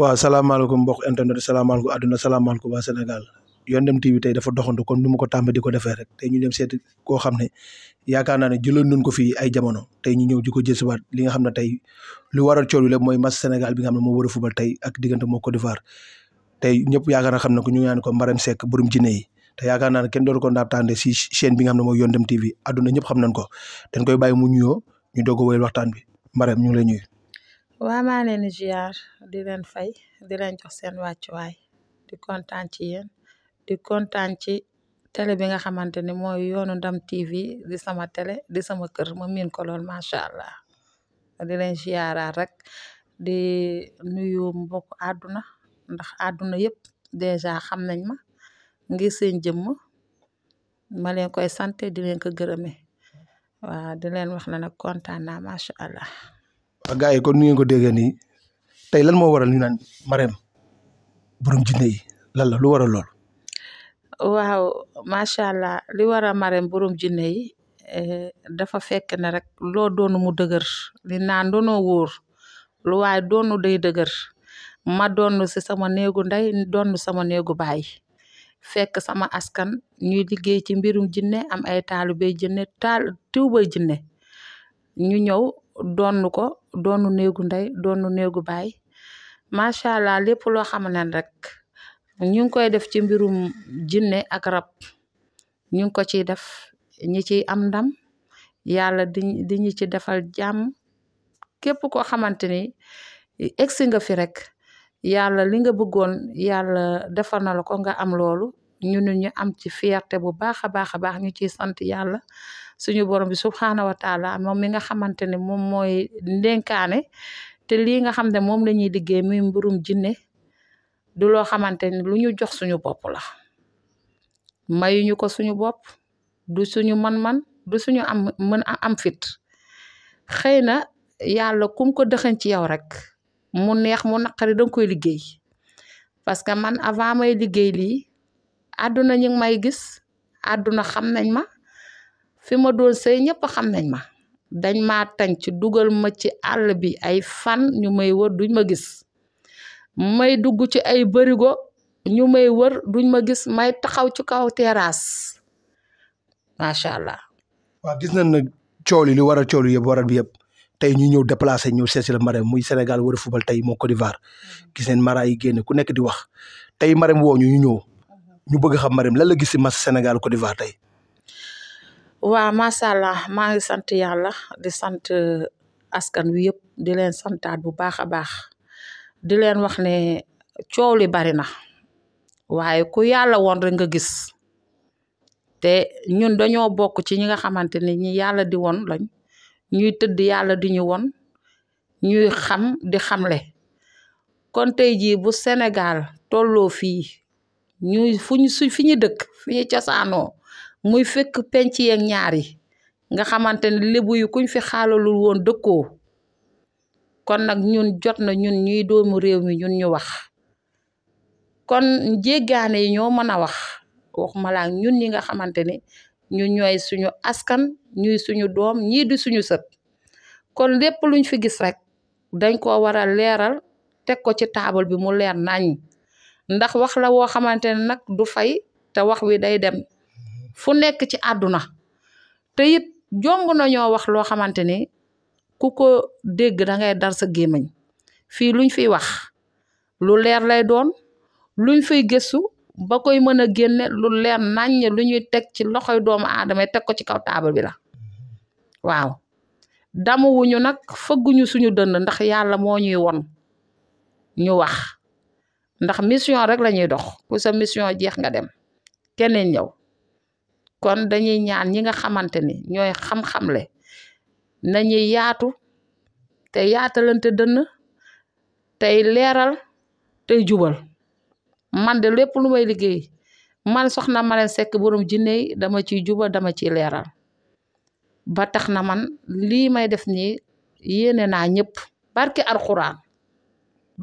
waaw salaamaaleykum mbokk internet salaamaaleykum àdduna salaamaaleykum waa Sénégal yoon dem TV tey dafa doxantu comme ni ma ko tàmm di ko defee rek tey ñu dem seeti koo xam ne yaakaar naa ne jëloon nañ ko fii ay jamono tey ñu ñëw di ko jësiwaat li nga xam ne tey lu waral coow yi lépp mooy match Sénégal bi nga xam ne moo war a fubal tey ak diggante moo Côte d'Ivoire tey ñëpp yaakaar xam ne ko ñu naan ko Mbarem Seck borom jinne yi te yaakaar ne kenn doon ko ndaatande si chaîne bi nga xam ne mooy yoon dem TV àdduna ñëpp xam nañ ko dañ koy bàyyi mu nuyoo ñu doog a waxtaan bi Mbarem ñu ngi lay nuyu Waama leeni ziar di leen fay di leen jox seen wàccuwaay di kontaan ci yeen di kontaan ci télé bi nga xamante ni mooy yoonu ndam TV di sama tele di sama kër ma miin ko lool allah di leen ziara rek di nuyu mbokk àdduna ndax àdduna yépp dèjà xam nañ ma ngir seen jëmm ma leen koy sante di leen ko gërëme waa di leen wax na nag kontaan na macha allah. waaw ah, gars yi kon nu ngeen ko déggee nii tey moo waral ñu naan Marème borom jinne yi lu waral lool. waaw macha allah li waral Marème borom jinne yi eh, dafa fekk ne rek loo doonu mu dëgër li naan doonoo wóor lu doonu day dëgër ma doonu si sama néegu ndey doonu sama néegu baay fekk sama askan ñuy liggéey ci mbirum jinne am ay taalu bay taal tiw bay jinne ñu ñëw donn ko doonu néegu ndey doonu néegu baay macha allah lépp loo xamante ne rek ñu ngi koy def ci mbirum jinne ak rab ñu ngi ko ciy def ñi ciy am ndam yàlla di di ñu ci defal jàmm képp koo xamante ni egsi nga fi rek yàlla li nga bëggoon yàlla defal na la ko nga am loolu ñun ñu am ci fierté bu baax a baax a baax ñu ciy sant yàlla suñu borom bi subhaana wa taala moom mi nga xamante ne moom mooy ndénkaane te lii nga xam ne moom la ñuy liggéey muy mbirum jinne du loo xamante ne lu ñu jox suñu bopp la mayuñu ko suñu bopp du suñu man-man du suñu am mën a am fit xëy na yàlla kum ko dëxañ ci yow rek mu neex mu naqari danga koy liggéey parce que man avant may liggéey lii àdduna ñu may gis àdduna xam nañ ma fi ma doon sëy ñëpp xam nañ ma dañ ma tànc dugal ma ci àll bi ay fan ñu may ma gis may dugg ci ay bërigo ñu may wër duñ ma gis may taxaw ci kaw terrasse macha allah. waaw gis nañ ne coow li li waral coow li yëpp waral bi yëpp tey ñu ñëw déplacé ñëw seesi la Marème muy Sénégal wër football tey moo Côte d'Ivoire mm-hmm. gis neen Mara yi génn ku nekk di wax tey Marème woo ñu ñu bëgg xam Marème lan la gis si match Sénégal Côte d'Ivoire tey. waaw macha allah maa ngi sant yàlla di sant euh, askan wi yëpp di leen santaat bu baax a baax di leen wax ne coow li bari na waaye ku yàlla woon rek nga gis te ñun dañoo bokk ci ñi nga xamante ne ñi yàlla di woon lañ ñuy tëdd yàlla di ñu woon ñuy xam di xamle kon tey Sénégal tolloo ñuy fu ñu dëkk fi ñu cosaanoo muy fekk penc yeeg ñaar nga xamante ne lébu yi kuñ fi xaalalul woon dëkkoo kon nag ñun jot na ñun ñuy doomu réew mi ñun ñu wax kon jéggaane yi ñoo mën a wax waxuma laa ñun ñi nga xamante ne ñu ñooy suñu askan ñuy suñu doom ñii di suñu sët kon lépp luñ fi gis rek dañ ko waral leeral teg ko ci taabal bi mu leer nañ ndax wax la woo xamante ne nag du fay te wax wi day dem fu nekk ci àdduna te it jomb nañoo wax loo xamante ni ku ko dégg da ngay dar sa gémmiñ fii luñ fi wax lu leer lay doon luñ fiy gëstu ba koy mën a génne lu leer naññ lu ñuy teg ci loxoy doomu aadama teg ko ci kaw taabal bi la waaw damuwuñu nag fëgguñu suñu dënd ndax yàlla moo ñuy woon ñu wax ndax mission rek la ñuy dox ku sa mission jeex nga dem keneen ñëw kon dañuy ñaan ñi nga xamante ni ñooy xam-xamle nañuy yaatu te yaatalante dënn tey leeral tey jubal man de lépp lu may liggéey man na Marème Seck borom jinne yi dama ciy jubal dama ci leeral ba tax na man lii may def nii yéene naa ñëpp barke alxuraan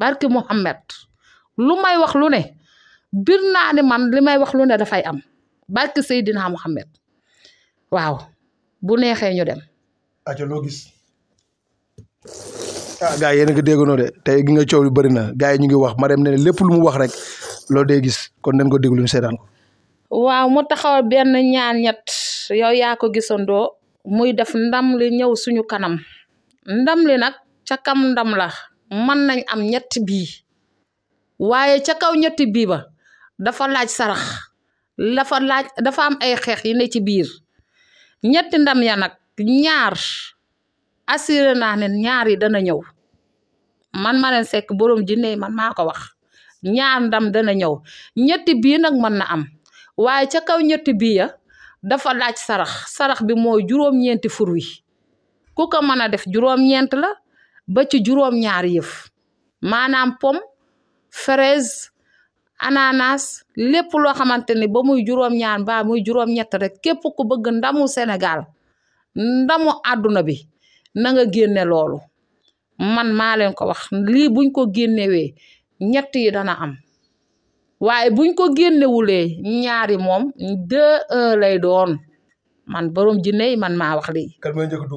barke Muhammad lu may wax lu ne bir naa ni man li may wax lu ne dafay am barke Seydina Muhammad waaw bu neexee ñu dem. aca loo gis. ah gaa yi yéen a ngi déggandoo de tey gi nga coow lu bëri na gars yi ñu ngi wax ma dem ne lépp lu mu wax rek loo dee gis kon nañ ko déglu seeran ko. waaw mu taxaw benn ñaar ñett yow yaa ko gisandoo muy def ndam li ñëw suñu kanam ndam li nag ca kam ndam la mën nañ am ñett bii. waaye ca kaw ñetti bii ba dafa laaj sarax dafa laaj dafa am ay xeex yi ne ci biir ñetti ndam ya nag ñaar assuré naa ne ñaar dana ñëw man ma leen sekk borom jinne man maa ko wax ñaar ndam dana ñëw ñetti bii nag mën na am waaye ca kaw ñetti bii ya dafa laaj sarax sarax bi mooy juróom-ñeenti fur wi ku ko mën a def juróom la ba ci juróom-ñaari maanaam pom fraise ananas lépp loo xamante ni ba muy juróom-ñaar mbaa muy juróom-ñett rek képp ku bëgg ndamu Sénégal ndamu àdduna bi na nga génne loolu man maa leen ko wax lii buñ ko génnewee ñett yi dana am waaye buñ ko génnewulee ñaari moom deux un lay doon man borom jinne yi man maa wax lii. kan mooy njëkk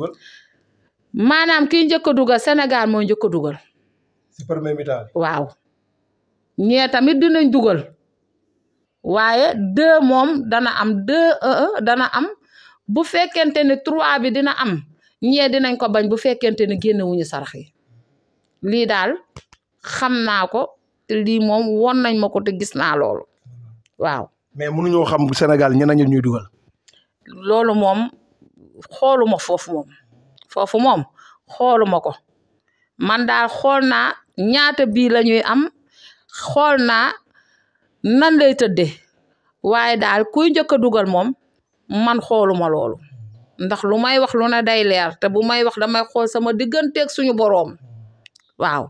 Sénégal mooy njëkk a dugal. ñee tamit dinañ dugal waaye deux moom dana am deux dana am bu fekkente ne trois bi dina am ñee dinañ ko bañ bu fekkente ne génnewuñu sarax yi lii daal xam naa ko te lii moom won nañ ma ko te gis naa loolu waaw. mais mënuñoo xam Sénégal ñenn ñi ñuy dugal. loolu moom xooluma foofu moom foofu moom xooluma ko man daal xool naa ñaata bii la am xool naa nan lay tëddee waaye daal kuy njëkk a dugal moom man xooluma loolu ndax lu may wax lu na day leer te bu may wax damay xool sama digganteeg suñu boroom waaw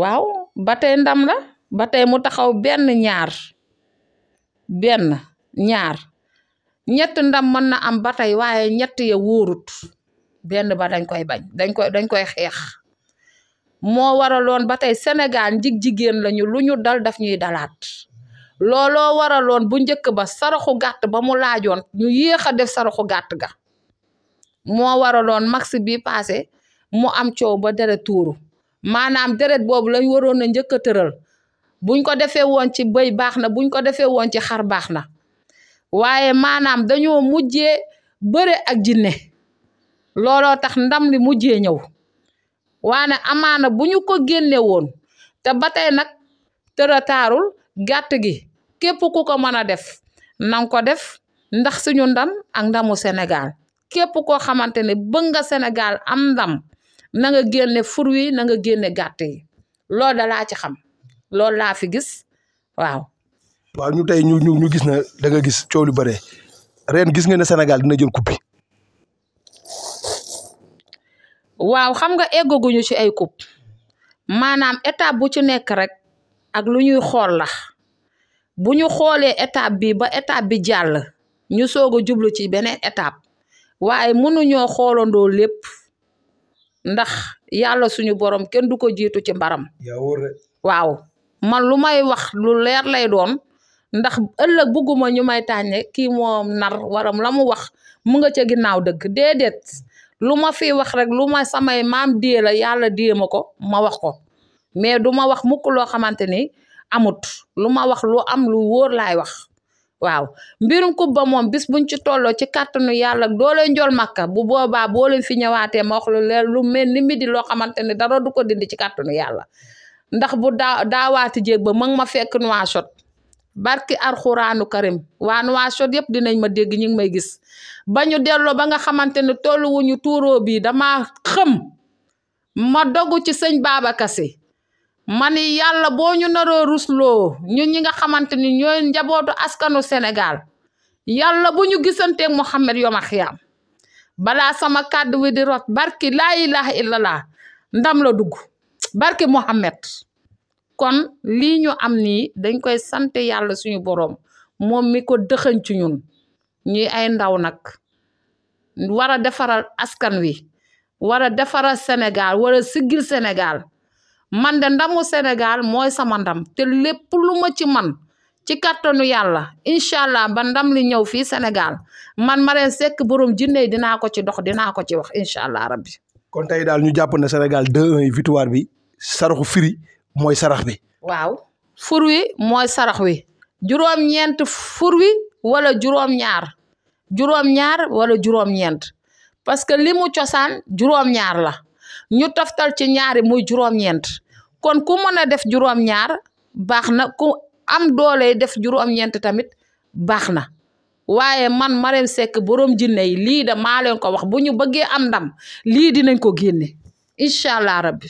waaw ba tey ndam la ba tey mu taxaw benn ñaar benn ñaar ñett ndam mën na am ba tey waaye ñett ya wóorut benn ba dañ koy bañ dañ koy dañ koy xeex moo waraloon ba tey Sénégal jig jigéen lañu lu ñu dal daf ñuy dalaat looloo waraloon bu njëkk ba saraxu gàtt ba mu laajoon ñu yéex a def saraxu gàtt ga moo waraloon max bi passé mu am coow ba deret tuuru maanaam deret boobu lañ waroon a njëkk a tëral buñ ko defee woon ci bëy baax na buñ ko defee woon ci xar baax na waaye maanaam dañoo mujjee bëre ak jinne looloo tax ndam li mujjee ñëw waane amaana bu ñu ko génne woon te ba tey nag tërataarul gàtt gi képp ku ko mën a def nang ko def ndax suñu ndam ak ndamu Sénégal képp koo xamante ne bëgg nga Sénégal am ndam nanga nga génne fur wi na nga génne gàtt yi da laa ci xam loolu laa fi gis waaw. waaw ñu tey ñu ñu gis na danga nga gis coow lu bare ren gis nga ne Sénégal dina jël coupe waaw xam nga eggaguñu ci ay coupe maanaam étape bu ci nekk rek ak lu ñuy xool la bu ñu xoolee étape bi ba étape bi jàll ñu soog a jublu ci beneen étape waaye mënuñoo xoolandoo lépp ndax yàlla suñu borom kenn du ko jiitu ci mbaram. waaw man lu may wax lu leer lay doon ndax ëllëg bugguma ñu may tànne kii moom nar waram la mu wax mu nga ca ginnaaw dëgg déedéet. lu ma fi wax rek lu ma samay maam dee la yàlla dee ma ko ma wax ko mais du ma wax mukk loo xamante ni amut lu ma wax lu am lu wóor laay wax waaw mbirum coupe ba moom bis buñ ci tolloo ci kàttanu yàlla doole njool màkka bu boobaa boo leen fi ñëwaatee ma wax lu leer lu mel ni midi loo xamante ne dara du ko dindi ci kàttanu yàlla ndax bu daa daawaati jéeg ba mag ma fekk noa shot barki arxuraanu karim waa Nouakchott yëpp dinañ ma dégg ñu ngi may gis ba ñu delloo ba nga xamante ne tollu wuñu tuuroo bii dama xëm ma dogu ci sëñ Babacar Sy ma ni yàlla boo ñu naroo rusloo ñun ñi nga xamante ni ñooy njabootu askanu Sénégal yàlla bu ñu gisanteeg Mouhamed yoma xiyaam balaa sama kàddu wi di barki laa ilaha illallah ndam la dugg barki Mouhamed kon lii ñu am nii dañ koy sant yàlla suñu borom moom mi ko dëxañ ci ñun ñuy ay ndaw nag war a defaral askan wi war a defaral Sénégal war a siggil Sénégal man de ndamu Sénégal mooy sama ndam te lépp lu ma ci man ci kàttanu yàlla incha allah ba ndam li ñëw fii Sénégal man Marème Seck borom jinne dinaa ko ci dox dinaa ko ci wax incha allah rabbi kon tey daal ñu jàpp ne Sénégal 2-1 victoire bi saraxu firi mooy sarax bi. waaw fur wi mooy sarax wi juróom-ñeent fur wi wala juróom-ñaar juróom-ñaar wala juróom-ñeent parce que li mu cosaan juróom-ñaar la ñu toftal ci ñaari muy juróom-ñeent kon ku mën a def juróom baax na ku am doole def juróom-ñeent tamit baax na. waaye man Marème Seck borom jinne yi lii da maa leen ko wax bu ñu bëggee am ndam lii dinañ ko génne incha allah rabbi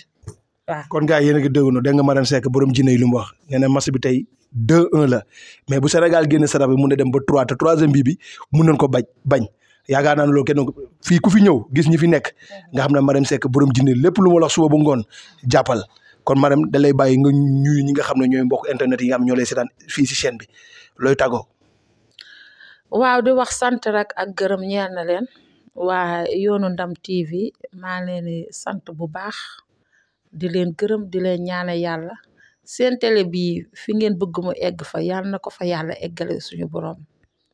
waaw kon gars yéen a ngi déglu dégg nga Marème Seck borom jinne yi lu mu wax nee na match bi tey 2-1 la mais bu Sénégal génne sarab bi mun na dem ba 3 te troisième bii bi mun nañ ko bañ bañ yaakaar naa ne loolu kenn fii ku fi ñëw gis ñi fi nekk nga xam ne Marème Seck borom jinne lépp lu ma wax suba bu ngoon jàppal kon Marème da lay bàyyi nga ñuy ñi nga xam ne ñooy mbokk internet yi nga xam ñoo fii si chaîne bi looy tàggoo. waaw di wax sant rek ak gërëm ñeel na leen wa yoonu ndam TV maa leen di sant bu baax. di leen gërëm di leen ñaane yàlla seen télé bii fi ngeen bëgg mu egg fa yàlla na ko fa yàlla eggale suñu borom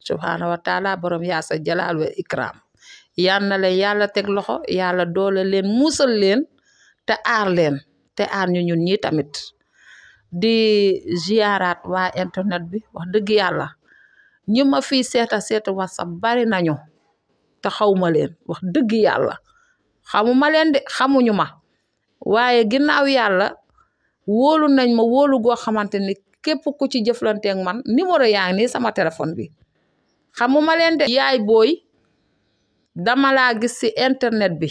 subhaana wa taala borom yaa sa jalaal wa ikraam na leen yàlla teg loxo yàlla doole leen muusal leen te aar leen te aar ñu ñun tamit di ziaraat waa internet bi wax dëgg yàlla ñu ma fii seeta seeta whatsapp bari nañu te xaw ma leen wax dëgg yàlla xamu ma leen de xamuñu ma waaye ginnaaw yàlla woolu nañ ma woolu goo xamante ni képp ku ci jëflanteeg man numéro yaa ngi sama téléphone bi xamuma leen de yaay booy dama la gis ci internet bi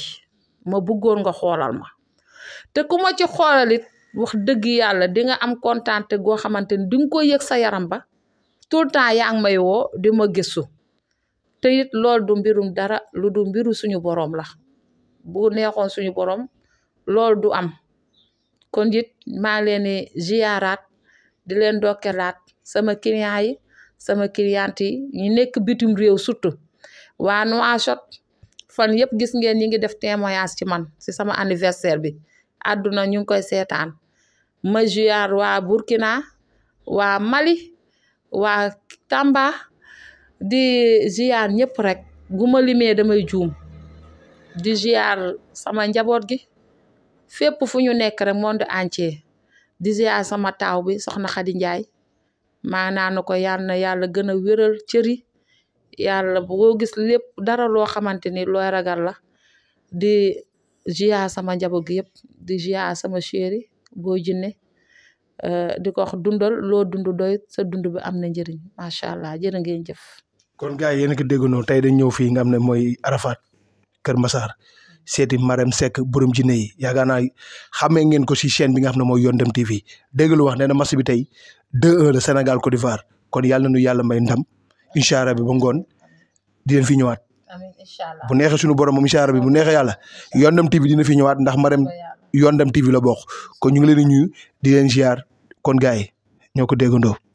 ma buggoon nga xoolal ma te ku ma ci xoolal wax dëgg yàlla di am kontaante goo xamante ni di ko yëg sa yaram ba tout le temps yaa ngi may woo di ma gëstu te it loolu du mbirum dara lu du mbiru suñu boroom la bu neexoon suñu boroom loolu du am kon it maa leen di ziyaaraat di leen dokkelaat sama client yi sama cliente yi ñu nekk bitim réew surtout waa Nouakchott fan yëpp gis ngeen ñi ngi def témoignage ci man ci sama anniversaire bi àdduna ñu ngi koy seetaan ma ziyaar waa Burkina waa Mali waa Tamba di ziyaar ñëpp rek gu ma limee damay juum di ziyaar sama njaboot gi fépp fu ñu nekk rek monde entier di ziar sama taaw bi soxna Xadi Njaay maanaam ko yal na yàlla gën a wéral cëri yàlla boo gis lépp dara loo xamante ni looy ragal la di ziar sama njaboot gi yëpp di ziar sama chéri boo jinne euh, di ko wax dundal loo dund doy sa dund bi am na njëriñ macha allah jërë ngeen jëf. kon gars yi yéen a ko dégg noonu tey dañ ñëw fii nga xam ne mooy Arafat Kër Massar. seeti Marème Seck borom jinne yi yaakaar naa xamee ngeen ko si chaîne bi nga xam ne mooy Yonn Dem TV dégg lu wax nee na match bi tey 2-1 la Sénégal Côte d'Ivoire kon yàlla nu yàlla may ndam incha allah bi ba ngoon di fi ñëwaat. bu neexee suñu borom moom incha allah bi bu neexee yàlla Yonn Dem TV dina fi ñëwaat ndax Marème Yonn Dem TV la bokk kon ñu ngi leen di nuyu di leen ziar kon gars yi ñoo ko déggandoo.